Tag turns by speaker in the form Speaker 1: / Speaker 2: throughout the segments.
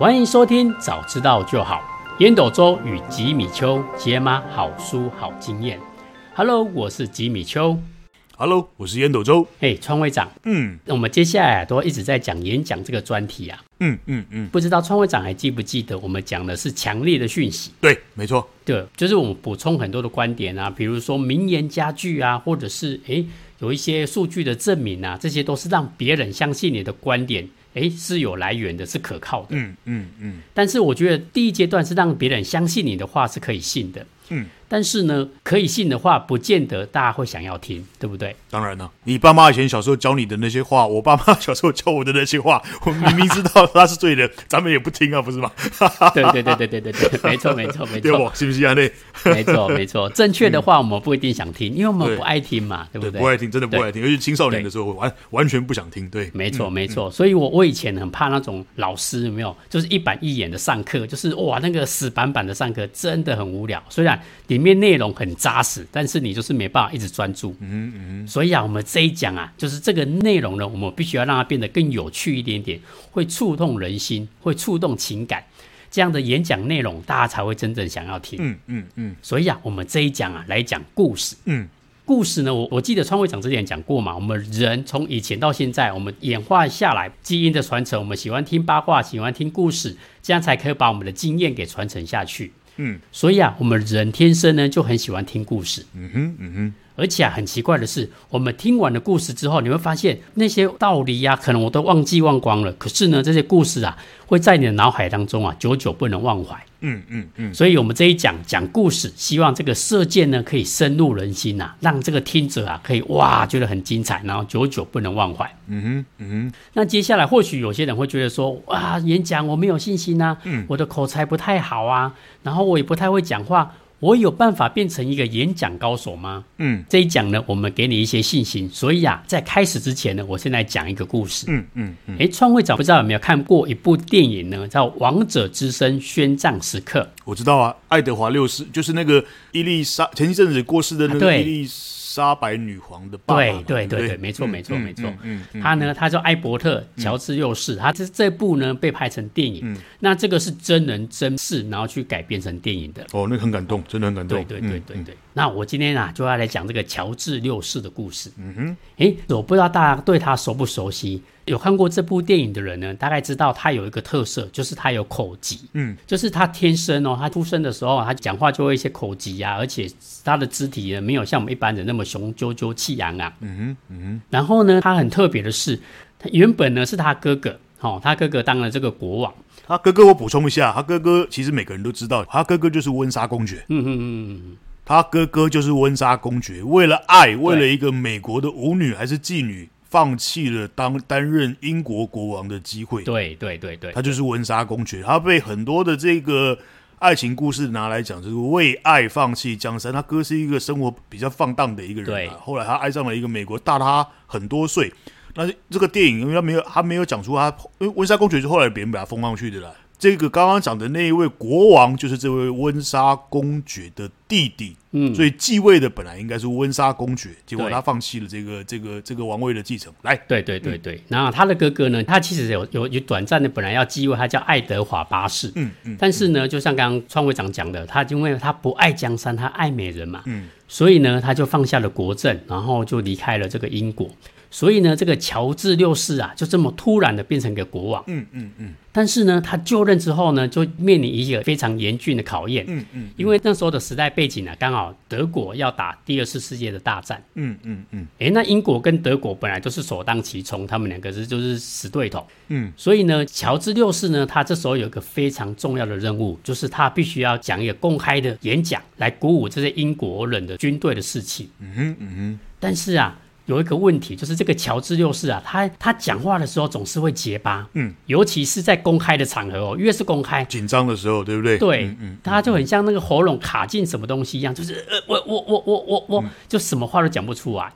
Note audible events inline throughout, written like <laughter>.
Speaker 1: 歡迎收聽《早知道就好》，煙斗周與吉米邱結媽好書好經驗。Hello，我是吉米邱。Hello，我是煙斗周。哎、hey，川會長，嗯，那我們接下來、啊、都一直在講演講這個專題啊。嗯
Speaker 2: 嗯嗯，
Speaker 1: 不知道川會長還記不記得我們講的是強烈的訊息？對，沒錯。對，就是我們補充很多的觀點啊，比如說名言佳句啊，或者是誒有一些數據的證明啊，這些都是讓別人相信你的觀點。哎，是有來源的，是可靠的。嗯嗯嗯。但是我覺得第一階段是讓別人相信你的話是可以信的。嗯。但是呢，可以信的話，不見得大家會想要聽，對不對？當
Speaker 3: 然了，你爸媽以前小時候教你的那些話，我爸媽小時候教我的那些話，
Speaker 1: 我明明知道他是對的， <laughs> 咱們也不聽啊，不是嗎？ <laughs> 對對對對對對，沒錯沒錯沒錯，對不？是不是啊？那 <laughs> 沒
Speaker 2: 錯沒
Speaker 1: 錯，正確的話我們不一定想聽，嗯、因為我們不愛聽嘛，對不對？對，不愛聽，真的不愛聽，尤其青少年的時候我完完全不想聽。對，沒錯沒錯。所以我我以前很怕那種老師，有沒有？就是一板一眼的上課，就是哇，那個死板板的上課真的很無聊。雖然裡面內容很紮實，但是你就是沒辦法一直專注。嗯嗯，所以啊，我們這一講啊，就是這個內容呢，我們必須要讓它變得更有趣一點點，會觸動人心，會觸動情感，這樣的演講內容，大家才會真正想要聽。嗯嗯嗯。所以啊，我們這一講啊，來講故事。嗯，故事呢，我我記得創會長之前講過嘛，我們人從以前到現在，我們演化下來，基因的傳承，我們喜歡聽八卦，喜歡聽故事，這樣才可以把我們的經驗給傳承下去。嗯，所以啊，我們人天生呢，就很喜歡聽故事。嗯哼，嗯哼。而且、啊、很奇怪的是，我們聽完的故事之後，你會發現那些道理啊，可能我都忘記忘光了。可是呢，這些故事啊，會在你的腦海當中啊，久久不能忘懷。嗯
Speaker 2: 嗯嗯。
Speaker 1: 所以，我們這一講講故事，希望這個射箭呢，可以深入人心吶、啊，讓這個聽者啊，可以哇覺得很精彩，然後久久不能忘懷。嗯哼嗯哼。那接下來，或許有些人會覺得說，哇，演講我沒有信心吶、啊嗯，我的口才不太好啊，然後我也不太會講話。我有辦法變成一個演講高手嗎？嗯，這一講呢，我們給你一些信心。所以啊，在開始之前呢，我先來講一個故事。嗯嗯，哎、嗯，創會長不知道有沒有看過一部電影呢，叫《王者之聲》宣戰時刻。我知道啊，愛德華六世就是那個伊麗莎，前一陣子過世的那個伊麗
Speaker 3: 莎。啊莎白
Speaker 1: 女皇的爸爸，對對對對，沒錯、嗯、沒錯、嗯、沒錯。嗯，他呢，嗯、他叫艾伯特、嗯·喬治六世，他這這部呢被拍成電影、嗯。那這個是真人真事，然後去改編成電影的。哦，那個、很感動、哦，真的很感動。對對對對、嗯、對、嗯。那我今天啊就要來講這個喬治六世的故事。嗯哼，哎，我不知道大家對他熟不熟悉。有看過這部電影的人呢，大概知道他有一個特色，就是他有口疾，嗯，就是他天生哦，他出生的時候他講話就會一些口疾啊，而且他的肢體呢沒有像我們一般人那麼雄赳赳氣昂昂，嗯哼，嗯
Speaker 2: 哼，
Speaker 1: 然後呢，他很特別的是，他原本呢是他哥哥，好、哦，他哥哥當了這個國王，他哥哥我補充一下，他哥哥其實每個人都知道，他
Speaker 3: 哥哥就是溫莎公爵，嗯哼，嗯哼嗯哼，他哥哥就是溫莎公爵，為了愛，為了一個美國的舞女還是妓女。放棄了當擔任英國國王的機會。對對對對，他就是溫莎公爵，他被很多的這個愛情故事拿來講，就是為愛放棄江山。他哥是一個生活比較放蕩的一個人嘛，後來他愛上了一個美國大他很多歲，那這個電影因為他沒有他沒有講出他，因為溫莎公爵是後來別人把他封上去的啦。這個剛剛講的那一位國王，就是這位溫莎公爵的弟弟，嗯，所以繼位的本來應該是溫莎公爵，結果他放棄了這個這個這個王位的繼承。來，對對對對，
Speaker 1: 嗯，然後他的哥哥呢，他其實有有有短暫的本來要繼位，他叫愛德華八世，嗯嗯，但是呢，就像剛剛創會長講的，他因為他不愛江山，他愛美人嘛，嗯，所以呢，他就放下了國政，然後就離開了這個英國，所以呢，這個喬治六世啊，就這麼突然的變成一個國王，嗯嗯嗯。嗯。但是呢，他就任之後呢，就面臨一個非常嚴峻的考驗。嗯嗯，嗯，因為那時候的時代背景呢，剛好德國要打第二次世界的大戰。嗯嗯嗯。哎、嗯，那英國跟德國本來就是首當其衝，他們兩個是就是死對頭。嗯。所以呢，喬治六世呢，他這時候有一個非常重要的任務，就是他必須要講一個公開的演講，來鼓舞這些英國人的軍隊的士氣。嗯
Speaker 2: 哼嗯哼、嗯
Speaker 1: 嗯。但是啊。有一個問題，就是這個喬治六世啊，他他講話的時候總是會結巴，嗯，尤其是在公開的場合哦，越是公開緊張的時
Speaker 3: 候，對不對？對，嗯嗯嗯嗯，
Speaker 1: 他就很像那個喉嚨卡進什麼東西一樣，就是呃，我我我我我我、嗯，就什麼話都講不出來。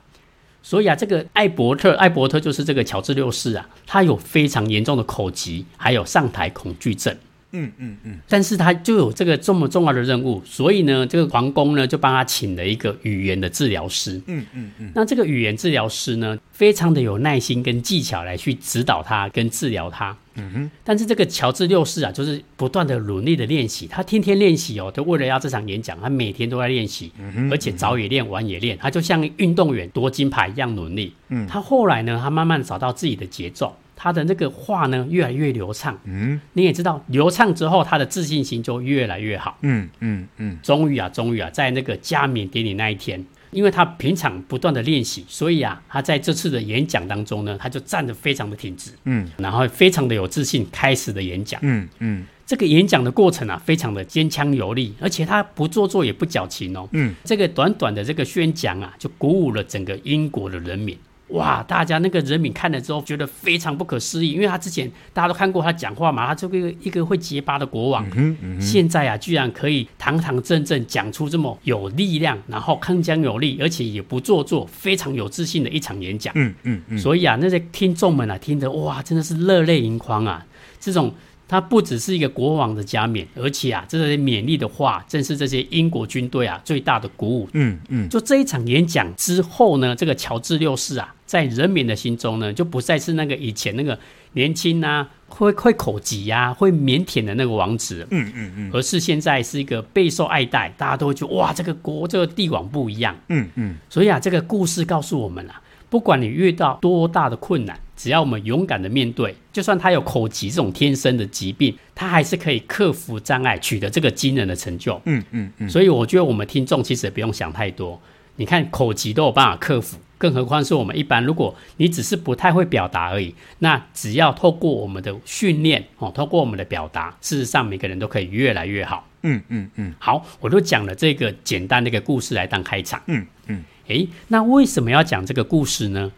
Speaker 1: 所以啊，這個艾伯特，艾伯特就是這個喬治六世啊，他有非常嚴重的口疾，還有上台恐懼症。嗯嗯嗯，但是他就有這個這麼重要的任務，所以呢，這個皇宮呢就幫他請了一個語言的治療師。嗯嗯嗯。那這個語言治療師呢，非常的有耐心跟技巧來去指導他跟治療他。嗯哼。但是這個喬治六世啊，就是不斷的努力的練習，他天天練習哦，就為了要這場演講，他每天都在練習。嗯哼。而且早也練，晚也練，他就像運動員奪金牌一樣努力。嗯。他後來呢，他慢慢找到自己的節奏。他的那個話呢，越來越流暢。嗯，你也知道，流暢之後，他的自信心就越來越好。嗯嗯嗯，終於啊，終於啊，在那個加冕典禮那一天，因為他平常不斷的練習，所以啊，他在這次的演講當中呢，他就站得非常的挺直。嗯，然後非常的有自信，開始的演講。嗯嗯，這個演講的過程啊，非常的鏗鏘有力，而且他不做作，也不矯情哦。嗯，這個短短的這個宣講啊，就鼓舞了整個英國的人民。哇！大家那個人民看了之後，覺得非常不可思議，因為他之前大家都看過他講話嘛，他這一,一個會結巴的國王，嗯嗯，現在啊，居然可以堂堂正正講出這麼有力量，然後鏗鏘有力，而且也不做作，非常有自信的一場演講。嗯嗯、
Speaker 2: 嗯，所
Speaker 1: 以啊，那些聽眾們啊，聽得哇，真的是熱淚盈眶啊！這種。他不只是一個國王的加冕，而且啊，這些勉勵的話，正是這些英國軍隊啊最大的鼓舞。嗯嗯。就這一場演講之後呢，這個喬治六世啊，在人民的心中呢，就不再是那個以前那個年輕啊、會會口吃呀、啊、會靦腆的那個王子。嗯嗯嗯。而是現在是一個備受愛戴，大家都會覺得哇，這個國這個帝王不一樣。嗯嗯。所以啊，這個故事告訴我們啊，不管你遇到多大的困難。只要我們勇敢的面對，就算他有口疾這種天生的疾病，他還是可以克服障礙，取得這個驚人的成就。嗯嗯嗯。所以我覺得我們聽眾其實不用想太多。你看口疾都有辦法克服，更何況是我們一般，如果你只是不太會表達而已，那只要透過我們的訓練哦，透過我們的表達，事實上每個人都可以越來越好。嗯
Speaker 2: 嗯嗯。
Speaker 1: 好，我都講了這個簡單的一個故事來當開場。嗯嗯。哎，那為什麼要講這個故事呢？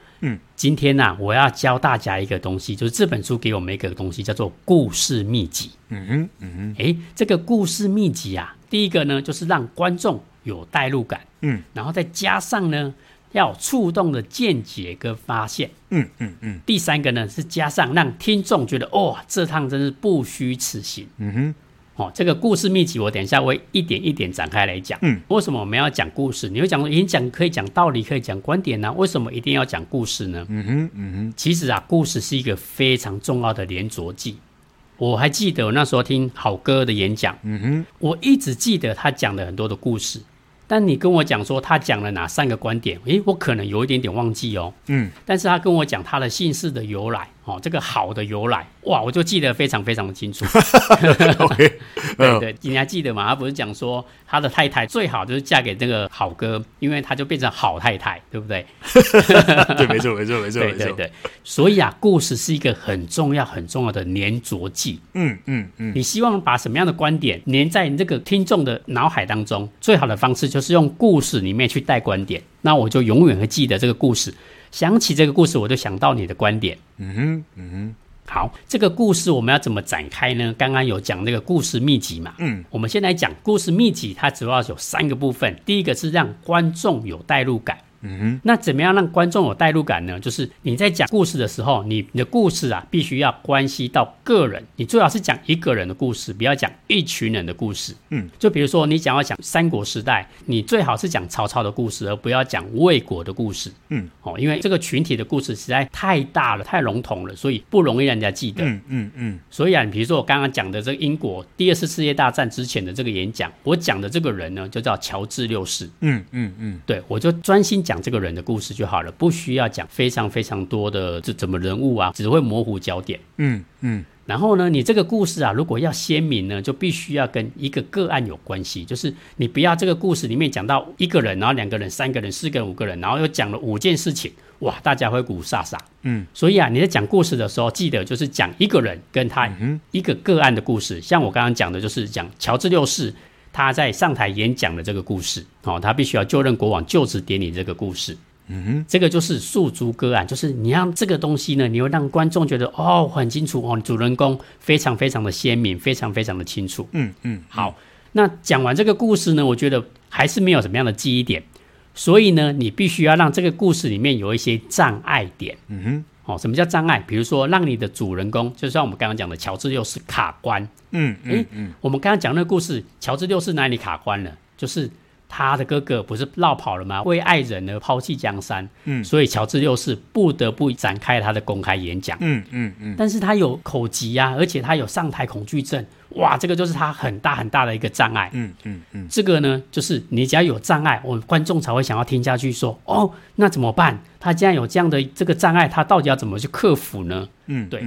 Speaker 1: 今天呢、啊，我要教大家一個東西，就是這本書給我們一個東西，叫做故事秘笈。嗯哼，嗯哼，誒，這個故事秘笈啊，第一個呢，就是讓觀眾有代入感。嗯，然後再加上呢，要有觸動的見解跟發現。嗯
Speaker 2: 嗯嗯，
Speaker 1: 第三個呢，是加上讓聽眾覺得，哦，這趟真是不虛此行。嗯哼。嗯嗯哦，這個故事秘笈，我等一下會一點一點展開來講。嗯，為什麼我們要講故事？你會講演講，可以講道理，可以講觀點呢、啊？為什麼一定要講故事呢？嗯哼，嗯
Speaker 2: 哼，
Speaker 1: 其實啊，故事是一個非常重要的黏著劑。我還記得我那時候聽郝哥的演講，嗯哼，我一直記得他講了很多的故事。但你跟我講說他講了哪三個觀點，哎，我可能有一點點忘記哦。嗯，但是他跟我講他的姓氏的由來。哦，這個好的由來哇，我就記得非常非常的清楚。 <laughs> OK， <laughs> 對對，你還記得嗎？他不是講說他的太太最好就是嫁給那個好哥，因為他就變成好太太，對不對？ <laughs> <laughs> 對，沒錯，沒錯，沒錯，對。所以啊，故事是一個很重要、很重要的粘着劑。嗯嗯嗯，你希望把什麼樣的觀點粘在你這個聽眾的腦海當中？最好的方式就是用故事裡面去帶觀點。那我就永遠會記得這個故事。想起這個故事，我就想到你的觀點。嗯
Speaker 2: 哼，嗯
Speaker 1: 哼，好，這個故事我們要怎麼展開呢？剛剛有講那個故事秘籍嘛，嗯，我們先來講故事秘籍，它主要有三個部分。第一個是讓觀眾有代入感。嗯，那怎麼樣讓觀眾有代入感呢？就是你在講故事的時候，你你的故事啊，必須要關係到個人。你最好是講一個人的故事，不要講一群人的故事。嗯，就比如說你想要講三國時代，你最好是講曹操的故事，而不要講魏國的故事。嗯，哦，因為這個群體的故事實在太大了，太籠統了，所以不容易讓人家記得。嗯嗯嗯。所以啊，你比如說我剛剛講的這個英國第二次世界大戰之前的這個演講，我講的這個人呢，就叫喬治六世。嗯嗯嗯。對，我就專心講。講這個人的故事就好了，不需要講非常非常多的這怎麼人物啊，只會模糊焦點。嗯
Speaker 2: 嗯，
Speaker 1: 然後呢，你這個故事啊，如果要鮮明呢，就必須要跟一個個案有關係。就是你不要這個故事裡面講到一個人，然後兩個人、三個人、四個人、五個人，然後又講了五件事情，哇，大家會霧煞煞。嗯，所以啊，你在講故事的時候，記得就是講一個人跟他一個個案的故事。嗯、像我剛剛講的，就是講喬治六世，他在上台演講的這個故事，哦，他必須要就任國王就職典禮這個故事，嗯
Speaker 2: 哼，
Speaker 1: 這個就是說主角啊，就是你讓這個東西呢，你會讓觀眾覺得哦，很清楚哦，主人公非常非常的鮮明，非常非常的清楚，嗯嗯，好，那講完這個故事呢，我覺得還是沒有什麼樣的記憶點，所以呢，你必須要讓這個故事裡面有一些障礙點，嗯哼。哦，什麼叫障礙？比如說，讓你的主人公，就像我們剛剛講的喬治六世卡關。嗯
Speaker 2: 嗯嗯，
Speaker 1: 我們剛剛講的那個故事，喬治六世哪裡卡關了？就是。他的哥哥不是落跑了嗎？為愛人而拋棄江山，嗯，所以喬治六世不得不展開他的公開演講，嗯嗯嗯。但是他有口疾啊，而且他有上台恐懼症，哇，這個就是他很大很大的一個障礙，嗯嗯嗯。這個呢，就是你只要有障礙，我們、哦、觀眾才會想要聽下去說，說哦，那怎麼辦？他既然有這樣的這個障礙，他到底要怎麼去克服呢？嗯，嗯對，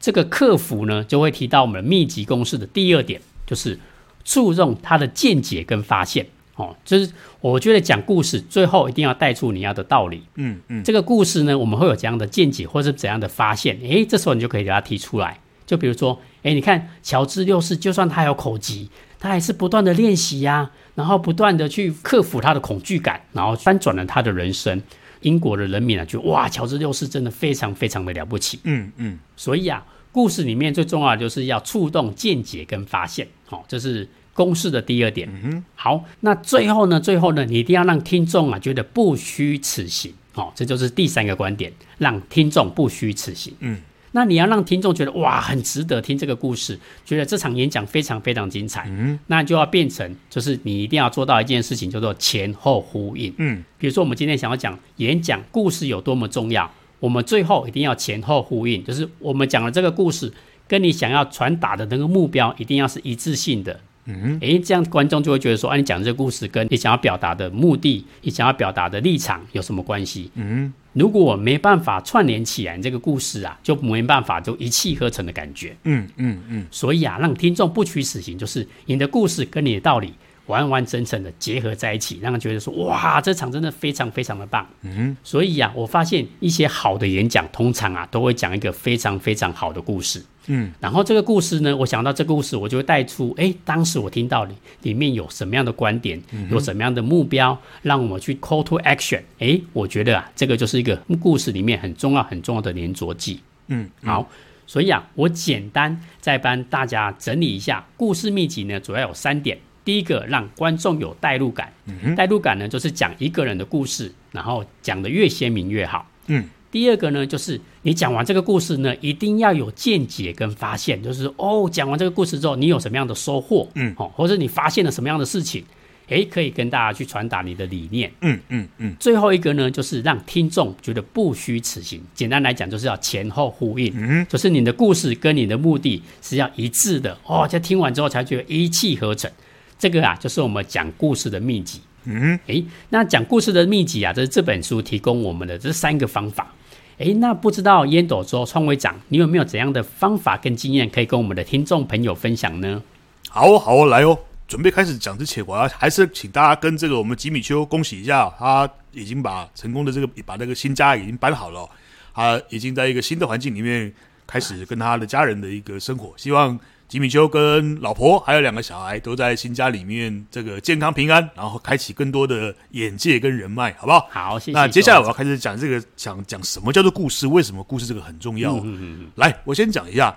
Speaker 1: 這個克服呢，就會提到我們秘笈公式的第二點，就是注重他的見解跟發現。哦，就是我覺得講故事最後一定要帶出你要的道理。嗯嗯，這個故事呢，我們會有怎樣的見解，或是怎樣的發現？哎，這時候你就可以給他提出來。就比如說，哎，你看喬治六世，就算他有口疾，他還是不斷的練習呀，啊，然後不斷的去克服他的恐懼感，然後翻轉了他的人生。英國的人民呢，啊，就哇，喬治六世真的非常非常的了不起。嗯嗯，所以啊，故事裡面最重要的就是要觸動見解跟發現。哦，這，就是。公式的第二點，嗯，好，那最後呢？最後呢，你一定要讓聽眾啊覺得不虛此行，好、哦，這就是第三個觀點，讓聽眾不虛此行。嗯，那你要讓聽眾覺得哇，很值得聽這個故事，覺得這場演講非常非常精彩。嗯，那就要變成就是你一定要做到一件事情，叫做前後呼應。嗯，比如說我們今天想要講演講故事有多麼重要，我們最後一定要前後呼應，就是我們講的這個故事跟你想要傳達的那個目標一定要是一致性的。嗯，哎，這樣觀眾就會覺得說，哎、啊，你講這個故事跟你想要表達的目的，你想要表達的立場有什麼關係？嗯，如果我沒辦法串聯起來你這個故事啊，就沒辦法就一氣呵成的感覺。嗯嗯嗯，所以啊，讓聽眾不虛此行，就是你的故事跟你的道理，完完整整的結合在一起，讓人覺得說：“哇，這場真的非常非常的棒。”嗯，所以呀、啊，我發現一些好的演講，通常啊，都會講一個非常非常好的故事。嗯，然後這個故事呢，我想到這個故事，我就會帶出：哎，當時我聽到裡裡面有什麼樣的觀點、嗯，有什麼樣的目標，讓我們去 call to action。哎，我覺得啊，這個就是一個故事裡面很重要很重要的黏著劑。嗯，嗯，好，所以啊，我簡單再幫大家整理一下故事秘笈呢，主要有三點。第一個讓觀眾有帶入感，帶、嗯、入感呢，就是講一個人的故事，然後講得越鮮明越好。嗯，第二個呢，就是你講完這個故事呢，一定要有見解跟發現，就是哦，講完這個故事之後，你有什麼樣的收穫？嗯，哦、或者你發現了什麼樣的事情？欸、可以跟大家去傳達你的理念。嗯嗯嗯。最後一個呢，就是讓聽眾覺得不虛此行。簡單來講就是要前後呼應，嗯，就是你的故事跟你的目的是要一致的。哦，在聽完之後才覺得一氣呵成。這個啊，就是我們講故事的秘笈。嗯哼，哎，那講故事的秘笈啊，這是這本書提供我們的這三個方法。哎，那不知道煙斗周創會長，你有沒有怎樣的方法跟經驗可以跟我們的聽眾朋友分享呢？好、哦、好哦來哦，準備開始講
Speaker 3: 之前，我要、啊、還是請大家跟這個我們吉米邱恭喜一下，他已經把成功的這個把那個新家已經搬好了、哦，他已經在一個新的環境裡面開始跟他的家人的一個生活，希望。吉米邱跟老婆還有兩個小孩都在新家裡面，這個健康平安，然後開啟更多的眼界跟人脈，好不好，好？好，那接下來我要開始講這個，講講什麼叫做故事，為什麼故事這個很重要、啊嗯嗯嗯。來，我先講一下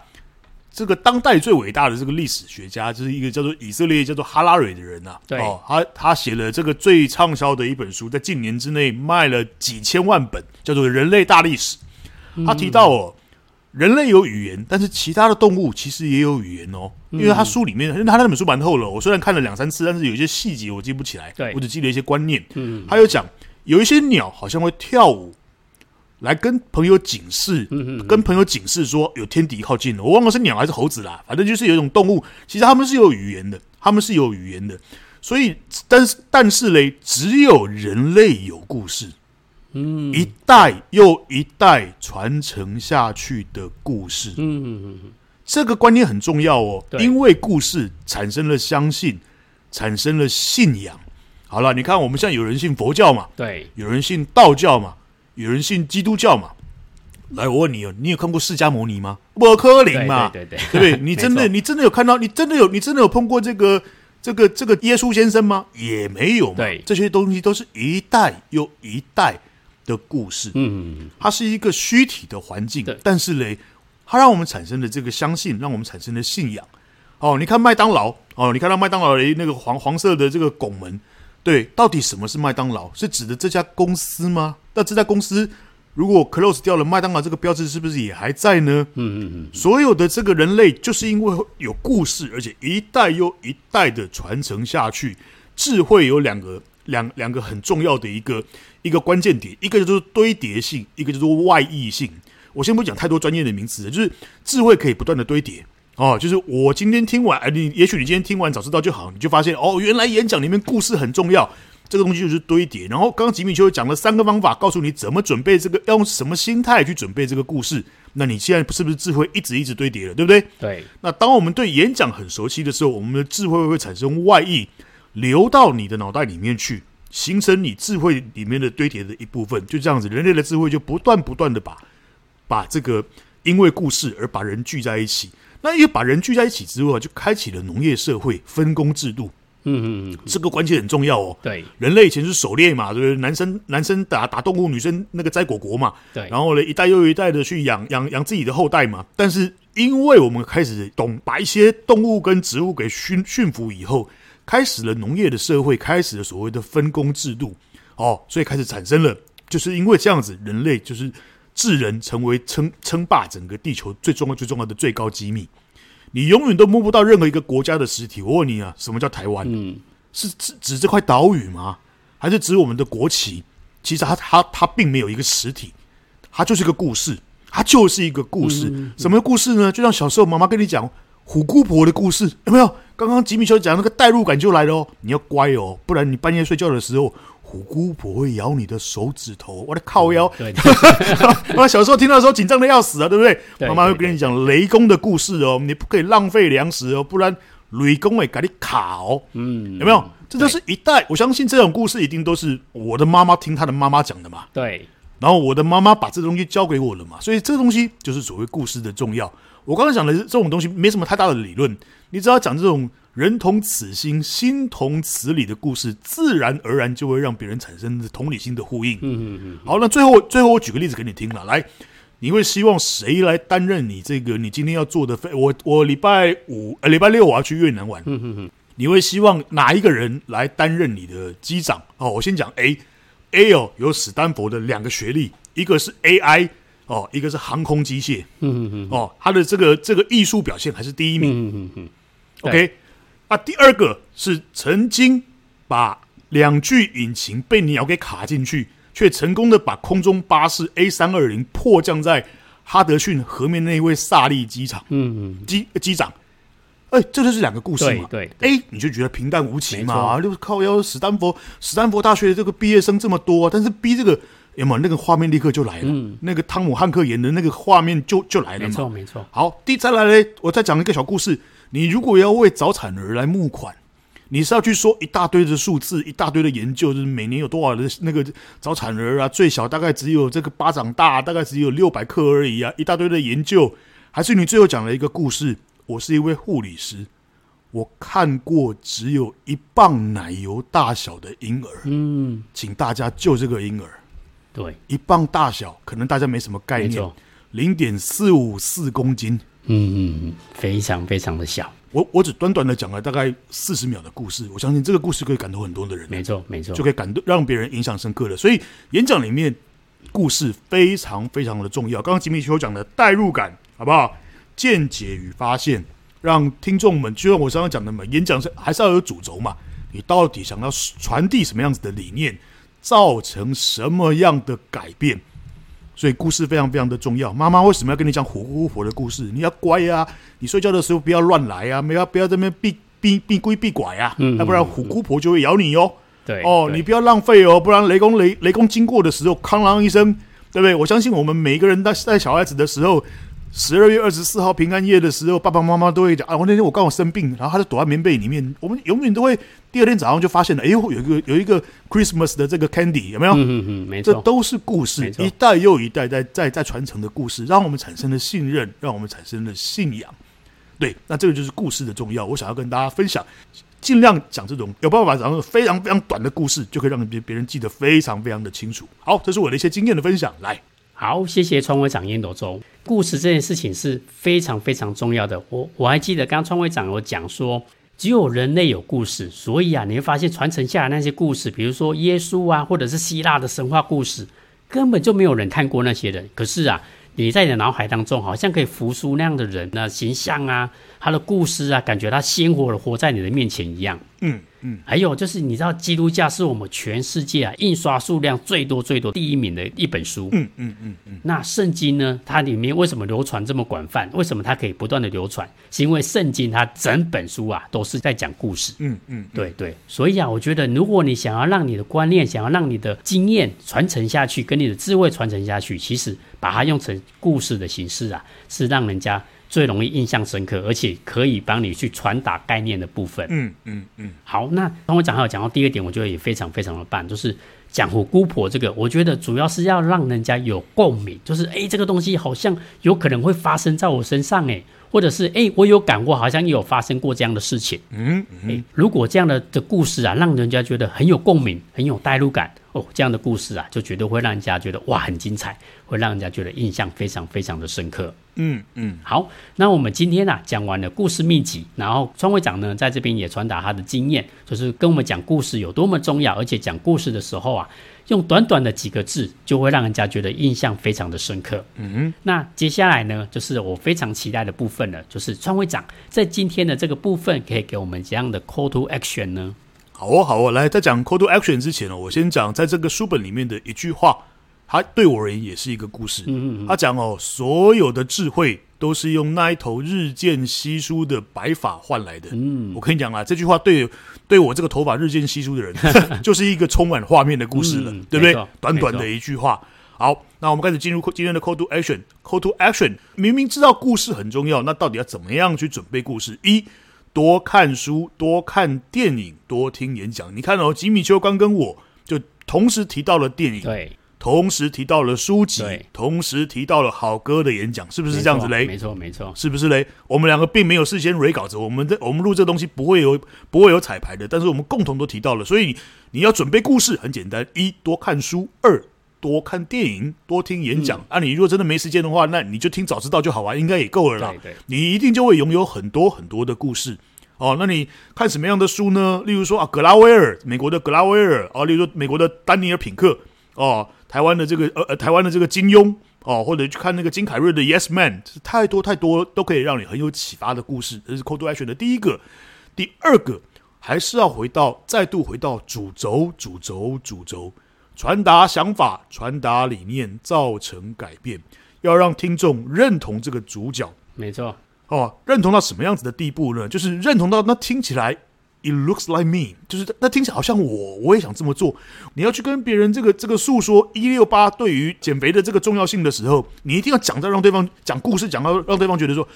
Speaker 3: 這個當代最偉大的這個歷史學家，就是一個叫做以色列叫做哈拉瑞的人吶、啊。對，哦、他他寫了這個最暢銷的一本書，在近年之內賣了幾千萬本，叫做《人類大歷史》。
Speaker 2: 他提到
Speaker 3: 哦。嗯人類有語言，但是其他的動物其實也有語言哦。因為他書裡面，嗯、因為他那本書蠻厚的。我雖然看了兩三次，但是有一些細節我記不起來。對，我只記得一些觀念。嗯，嗯，他就講有一些鳥好像會跳舞，來跟朋友警示。嗯嗯嗯跟朋友警示說有天敵靠近了。我忘了是鳥還是猴子啦，反正就是有一種動物，其實它們是有語言的，它們是有語言的。所以，但是但是嘞，只有人類有故事。嗯、一代又一代傳承下去的故事。嗯，嗯，嗯，嗯，這個觀念很重要哦。對，因為故事產生了相信，產生了信仰。好了，你看我們現在有人信佛教嘛？對，有人信道教嘛？有人信基督教嘛？嗯、來，我問你哦，你有看過釋迦牟尼嗎？摩訶林嘛？對對對，對不對？ <laughs> <laughs> 你真的，你真的有看到？你真的有？你真的有，你真的有碰過這個這個這個耶穌先生嗎？也沒有嘛。對，這些東西都是一代又一代的故事，嗯，它是一個虛體的環境，對，但是呢，它讓我們產生的這個相信，讓我們產生的信仰。哦，你看麥當勞，哦，你看到麥當勞的那個黃黃色的這個拱門，對，到底什麼是麥當勞？是指的這家公司嗎？那這家公司如果 close 掉了，麥當勞這個標誌是不是也還在呢？嗯嗯嗯。所有的這個人類就是因為有故事，而且一代又一代的傳承下去，智慧有兩個。兩兩個很重要的一個一個關鍵點，一個就是堆疊性，一個就是外溢性。我先不講太多專業的名詞，就是智慧可以不斷的堆疊哦。就是我今天聽完，你也許你今天聽完早知道就好，你就發現哦，原來演講裡面故事很重要，這個東西就是堆疊。然後剛剛吉米邱講了三個方法，告訴你怎麼準備這個，要用什麼心態去準備這個故事。那你現在是不是智慧一直一直堆疊了，對不對？對。那當我們對演講很熟悉的時候，我們的智慧會不會產生外溢。流到你的腦袋裡面去，形成你智慧裡面的堆疊的一部分。就這樣子，人類的智慧就不斷不斷的把把這個因為故事而把人聚在一起。那因為把人聚在一起之後啊，就開啟了農業社會分工制度。嗯嗯嗯，嗯，這個關係很重要哦。對，人類以前是狩獵嘛，對不對？男生男生打打動物，女生那個摘果果嘛。對，然後呢，一代又一代的去養養養自己的後代嘛。但是因為我們開始懂把一些動物跟植物給馴馴服以後。開始了農業的社會，開始了所謂的分工制度，哦，所以開始產生了，就是因為這樣子，人類就是智人成為稱稱霸整個地球最重要最重要的最高機密。你永遠都摸不到任何一個國家的實體。我問你啊，什麼叫台灣？嗯，是指，指這塊島嶼嗎？還是指我們的國旗？其實它它它並沒有一個實體，它就是一個故事，它就是一個故事。嗯嗯嗯。什麼故事呢？就像小時候媽媽跟你講。虎姑婆的故事有沒有？剛剛吉米邱講那個代入感就來了哦。你要乖哦，不然你半夜睡覺的時候，虎姑婆會咬你的手指頭。我的靠腰，嗯、對，我 <laughs> 小時候聽到的時候緊張的要死啊，對不對，對？媽媽會跟你講雷公的故事哦，你不可以浪費糧食哦，不然雷公會給你卡哦。嗯，有沒有？這就是一代。我相信這種故事一定都是我的媽媽聽她的媽媽講的嘛。對。然後我的媽媽把這東西交給我了嘛，所以這東西就是所謂故事的重要。我剛才講的這種東西沒什麼太大的理論，你只要講這種人同此心、心同此理的故事，自然而然就會讓別人產生同理心的呼應。嗯嗯嗯。好，那最後最後我舉個例子給你聽了。來，你會希望誰來擔任你這個你今天要做的？我我禮拜五呃禮拜六我要去越南玩。嗯嗯嗯。你會希望哪一個人來擔任你的機長？哦，我先講 A，A、哦、有史丹佛的兩個學歷，一個是 AI。哦，一個是航空機械。嗯嗯嗯，哦，他的這個這個藝術表現還是第一名，嗯嗯嗯，嗯，OK，啊，第二個是曾經把兩具引擎被鳥給卡進去，卻成功的把空中巴士 A 三二零迫降在哈德遜河面那一位薩利機場，嗯嗯，機機長，哎、欸，這就是兩個故事嘛，對、對、對，A 你就覺得平淡無奇嘛，就是靠腰史丹佛史丹佛大學的這個畢業生這麼多，啊，但是 B 這個。有、欸、沒那個畫面立刻就來了？嗯，那個湯姆漢克演的那個畫面就就來了嘛。沒錯，沒錯。好，第三來呢，我再講一個小故事。你如果要為早產兒來募款，你是要去說一大堆的數字，一大堆的研究，就是每年有多少的那個早產兒啊，最小大概只有這個巴掌大，大概只有六百克而已啊，一大堆的研究，還是你最後講了一個故事。我是一位護理師，我看過只有一磅奶油大小的嬰兒。嗯，請大家救這個嬰兒。對，一磅大小，可能大家沒什麼概念，零點四五四公斤，嗯嗯，非常非常的小。我我只短短的講了大概四十秒的故事，我相信這個故事可以感動很多的人。沒錯沒錯，就可以感動讓別人印象深刻的。所以演講裡面故事非常非常的重要。剛剛吉米邱講的代入感，好不好？見解與發現，讓聽眾們就像我剛剛講的嘛，演講是還是要有主軸嘛，你到底想要傳遞什麼樣子的理念？造成什麼樣的改變？所以故事非常非常的重要。媽媽為什麼要跟你講虎姑婆的故事？你要乖呀、啊，你睡覺的時候不要亂來呀、啊，不要不要這邊閉避閉規避拐呀、啊，嗯嗯要不然虎姑婆就會咬你哦。
Speaker 2: 對哦，對
Speaker 3: 你不要浪費哦，不然雷公雷雷公經過的時候，哐啷一聲，對不對？我相信我們每一個人在帶小孩子的時候。十二月二十四號平安夜的時候，爸爸媽媽都會講啊，我那天我剛好生病，然後他就躲在棉被裡面。我們永遠都會第二天早上就發現了，哎呦，有一個有一個 Christmas 的這個 candy 有沒有？嗯嗯，沒錯，這都是故事，一代又一代在在在傳承的故事，讓我們產生了信任，讓我們產生了信仰。對，那這個就是故事的重要。我想要跟大家分享，儘量講這種有辦
Speaker 1: 法講非常非常短的故事，就可以讓別別人記得非常非常的清楚。好，這是我的一些經驗的分享，來。好，謝謝創會長煙斗周。故事這件事情是非常非常重要的。我我還記得剛剛創會長有講說，只有人類有故事，所以啊，你會發現傳承下來的那些故事，比如說耶穌啊，或者是希臘的神話故事，根本就沒有人看過那些人。可是啊，你在你的腦海當中好像可以浮出那樣的人啊形象啊。他的故事啊，感覺他鮮活的活在你的面前一樣。嗯嗯。還有就是，你知道基督教是我們全世界啊印刷數量最多最多第一名的一本書。嗯嗯嗯嗯。那聖經呢？它裡面為什麼流傳這麼廣泛？為什麼它可以不斷地流傳？是因為聖經它整本書啊都是在講故事。嗯嗯，
Speaker 2: 嗯，對對。
Speaker 1: 所以啊，我覺得如果你想要讓你的觀念、想要讓你的經驗傳承下去，跟你的智慧傳承下去，其實把它用成故事的形式啊，是讓人家。最容易印象深刻，而且可以幫你去傳達概念的部分。嗯
Speaker 2: 嗯嗯。
Speaker 1: 好，那剛我講還有講到第二點，我覺得也非常非常的棒，就是講我姑婆這個，我覺得主要是要讓人家有共鳴，就是哎、欸，這個東西好像有可能會發生在我身上，哎，或者是哎、欸，我有感過，好像也有發生過這樣的事情。嗯嗯，嗯、欸。如果這樣的的故事啊，讓人家覺得很有共鳴，很有代入感。哦，這樣的故事啊，就絕對會讓人家覺得哇，很精彩，會讓人家覺得印象非常非常的深刻。
Speaker 2: 嗯嗯，
Speaker 1: 好，那我們今天啊，講完了故事秘笈，然後創會長呢在這邊也傳達他的經驗，就是跟我們講故事有多麼重要，而且講故事的時候啊，用短短的幾個字就會讓人家覺得印象非常的深刻。嗯嗯，那接下來呢，就是我非常期待的部分了，就是創會長在今天的這個部分可以給我們怎樣的 call to action 呢？好
Speaker 3: 哦，好哦，來，在講 call to action 之前呢、哦，我先講，在這個書
Speaker 1: 本裡面的一句話，他
Speaker 3: 對我而言也是一個故事。嗯嗯，它他講哦，所有的智慧都是用那一頭日漸稀疏的白髮換來的、嗯。我跟你講啊，這句話對對我這個頭髮日漸稀疏的人， <laughs> <laughs> 就是一個充滿畫面的故事了，嗯、對不對？短短的一句話。好，那我們開始進入今天的 call to action。call to action，明明知道故事很重要，那到底要怎麼樣去準備故事？一多看書，多看電影，多聽演講。你看哦，吉米邱剛跟我就同時提到了電影，對，同時提到了書籍，對，同時提到了好哥的演講，是不是這樣子嘞？沒錯，沒錯，是不是嘞？我們兩個並沒有事先寫稿子，我們這我們錄這東西不會有不會有彩排的，但是我們共同都提到了，所以你要準備故事很簡單：一，多看書，二。多看電影，多聽演講。嗯、啊，你如果真的沒時間的話，那你就聽早知道就好玩，應該也夠了啦。對對，你一定就會擁有很多很多的故事哦。那你看什麼樣的書呢？例如說啊，格拉威爾，美國的格拉威爾啊，例如說美國的丹尼爾·品克哦、呃，台灣的這個呃呃，台灣的這個金庸哦、呃，或者去看那個金凱瑞的《Yes Man》，是太多太多都可以讓你很有啟發的故事。這是 code action 的第一個，第二個還是要回到，再度回到主軸，主軸，主軸。傳達想法，傳達理念，造成改變，要讓聽眾認同這個主角。沒錯，哦，認同到什麼樣子的地步呢？就是認同到那聽起來，It looks like me，就是那聽起來好像我，我也想這麼做。你要去跟別人這個這個訴說一六八對於減肥的這個重要性的時候，你一定要講到讓對方講故事，講到讓對方覺得說，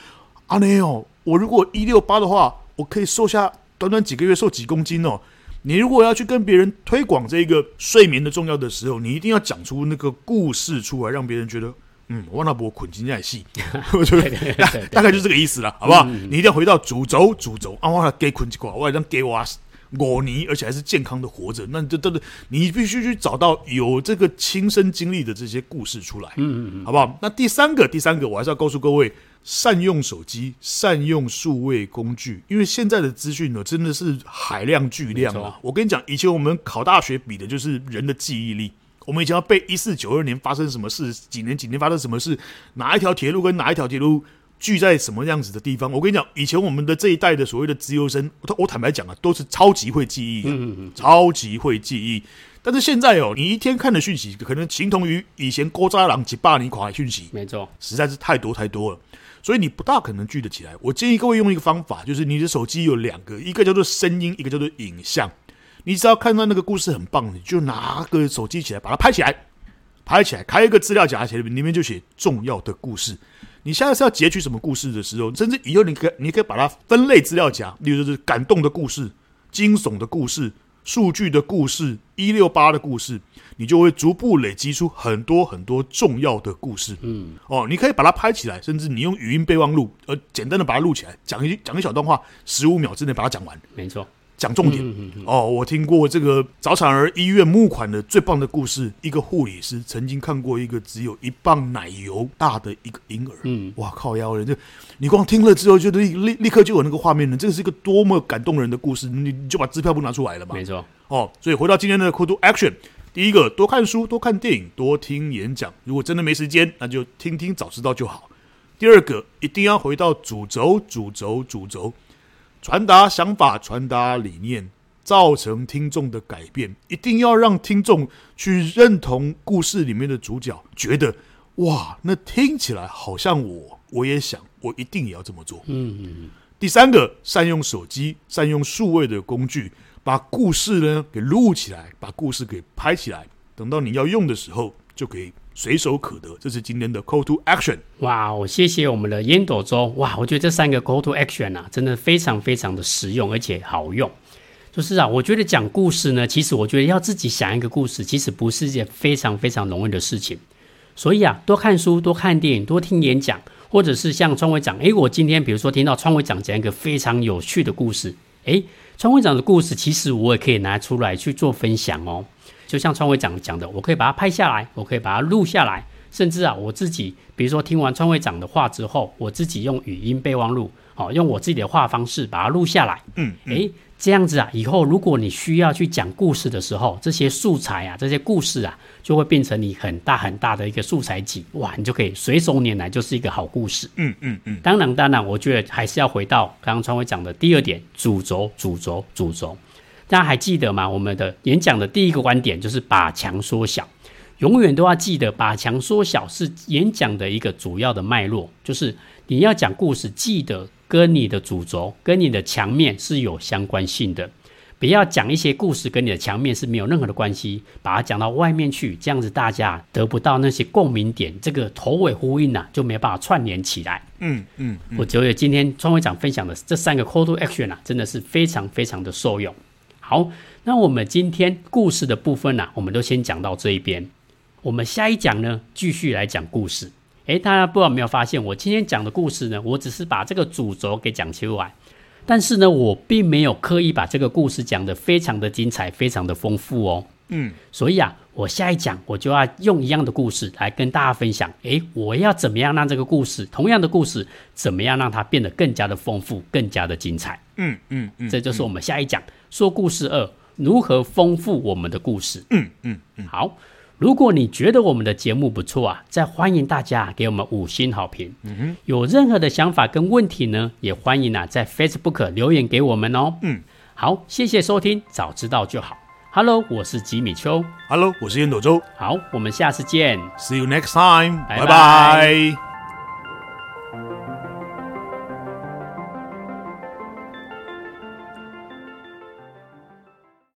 Speaker 3: 阿捏，我如果一六八的話，我可以瘦下短短幾個月瘦幾公斤哦。你如果要去跟別人推廣這個睡眠的重要的時候，你一定要講出那個故事出來，讓別人覺得，嗯，王把我捆筋在戲，對不對，對？ <laughs> 大概就是這個意思了，好不好？嗯嗯，你一定要回到主軸，主軸啊，我來給捆幾掛，我來讓給我。我尼，而且還是健康的活着，那這這你必須去找到有這個親身經歷的這些故事出來，嗯嗯嗯，好不好？那第三個，第三個，我還是要告訴各位，善用手機，善用數位工具，因為現在的資訊呢，真的是海量巨量啊。我跟你講，以前我們考大學比的就是人的記憶力，我們以前要背一四九二年發生什麼事，幾年幾年發生什麼事，哪一條鐵路跟哪一條鐵路。聚在什麼樣子的地方？我跟你講，以前我們的這一代的所謂的資優生，我我坦白講啊，都是超級會記憶的嗯嗯嗯，超級會記憶。但是現在哦，你一天看的訊息，可能形同於以前古早人幾百年看的訊息，沒錯，實在是太多太多了，所以你不大可能聚得起來。我建議各位用一個方法，就是你的手機有兩個，一個叫做聲音，一個叫做影像。你只要看到那個故事很棒，你就拿個手機起來把它拍起來，拍起來，開一個資料夾起來，裡面就寫重要的故事。你現在是要截取什麼故事的時候甚至以後你可以你可以把它分類資料講，例如就是感動的故事、驚悚的故事、數據的故事、一六八的故事，你就會逐步累積出很多很多重要的故事。嗯，哦，你可以把它拍起來，甚至你用語音備忘錄，呃，簡單的把它錄起來，講一講一小段話，十五秒之內把它講完。沒錯。講重點、嗯、哼哼哦！我聽過這個早產兒醫院募款的最棒的故事，一個護理師曾經看過一個只有一磅奶油大的一個嬰兒。嗯、哇靠人，要人就你光聽了之後，就立立立刻就有那個畫面了。這是一個多麼感動人的故事！你，你就把支票簿拿出來了
Speaker 1: 吧。沒錯
Speaker 3: 哦。所以回到今天的 Call to Action，第一個，多看書，多看電影，多聽演講。如果真的沒時間，那就聽聽早知道就好。第二個，一定要回到主軸，主軸，主軸。傳達想法，傳達理念，造成聽眾的改變，一定要讓聽眾去認同故事裡面的主角，覺得哇，那聽起來好像我我也想，我一定也要這麼做。嗯嗯。第三個，善用手機，善用數位的工具，把故事呢給錄起來，把故事給拍起來，等到你要用的時候，就可以隨
Speaker 1: 手可得，這是今天的 Call to Action。哇，wow，謝謝我們的煙斗周。哇，我覺得這三個 Call to Action 啊，真的非常非常的實用而且好用。就是啊，我覺得講故事呢，其實我覺得要自己想一個故事，其實不是一件非常非常容易的事情。所以啊，多看書、多看電影、多聽演講，或者是像創會長。哎，我今天比如說聽到創會長這樣一個非常有趣的故事，哎，創會長的故事，其實我也可以拿出來去做分享哦。就像創會長講的，我可以把它拍下來，我可以把它錄下來，甚至啊，我自己，比如說聽完創會長的話之後，我自己用語音備忘錄、哦，用我自己的話方式把它錄下來。嗯，哎、嗯，這樣子啊，以後如果你需要去講故事的時候，這些素材啊，這些故事啊，就會變成你很大很大的一個素材集。哇，你就可以隨手拈來就是一個好故事。嗯嗯嗯。當然，當然，我覺得還是要回到剛剛創會長的第二點，主軸，主軸，主軸。大家還記得嗎？我們的演講的第一個觀點就是把牆縮小，永遠都要記得把牆縮小是演講的一個主要的脈絡。就是你要講故事，記得跟你的主軸、跟你的牆面是有相關性的，不要講一些故事跟你的牆面是沒有任何的關係，把它講到外面去，這樣子大家得不到那些共鳴點，這個頭尾呼應呢、啊、就沒辦法串聯起來。
Speaker 2: 嗯嗯，嗯，我
Speaker 1: 覺得今天創會長分享的這三個 call to action 啊，真的是非常非常的受用。好，那我們今天故事的部分呢、啊，我們都先講到這一邊。我們下一講呢，繼續來講故事。誒，大家不知道有沒有發現，我今天講的故事呢，我只是把這個主軸給講出來，但是呢，我並沒有刻意把這個故事講得非常的精彩，非常的豐富哦。嗯，所以啊，我下一講我就要用一樣的故事來跟大家分享。哎，我要怎麼樣讓這個故事，同樣的故事，怎麼樣讓它變得更加的豐富，更加的精彩？嗯
Speaker 2: 嗯嗯，嗯，這就是我
Speaker 1: 們下一講。嗯說故事二，如何豐富我們的故事？嗯嗯，嗯，好，如果你覺得我們的節目不錯啊，再歡迎大家給我們五星好評。嗯哼，有任何的想法跟問題呢，也歡迎啊在 Facebook 留言給我們哦。嗯，好，謝謝收聽，早知道就好。Hello，我是吉米邱。Hello，我是煙斗周。好，我們下次見。See you next time 拜拜。拜拜。